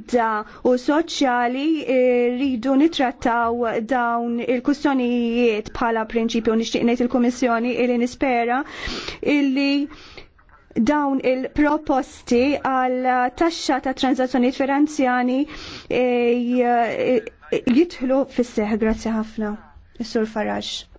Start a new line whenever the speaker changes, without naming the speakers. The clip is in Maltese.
maquda u soċjali eh, rridu nitrattaw dawn il kustjonijiet bħala prinċipju nixtieq ngħid il-Kummissjoni illi nispera illi dawn il-proposti għal taxxa ta' tranzazzjoni finanzjani eh, jitħlu fis-seħ. Grazzi ħafna.
Is-Sur Faraġ.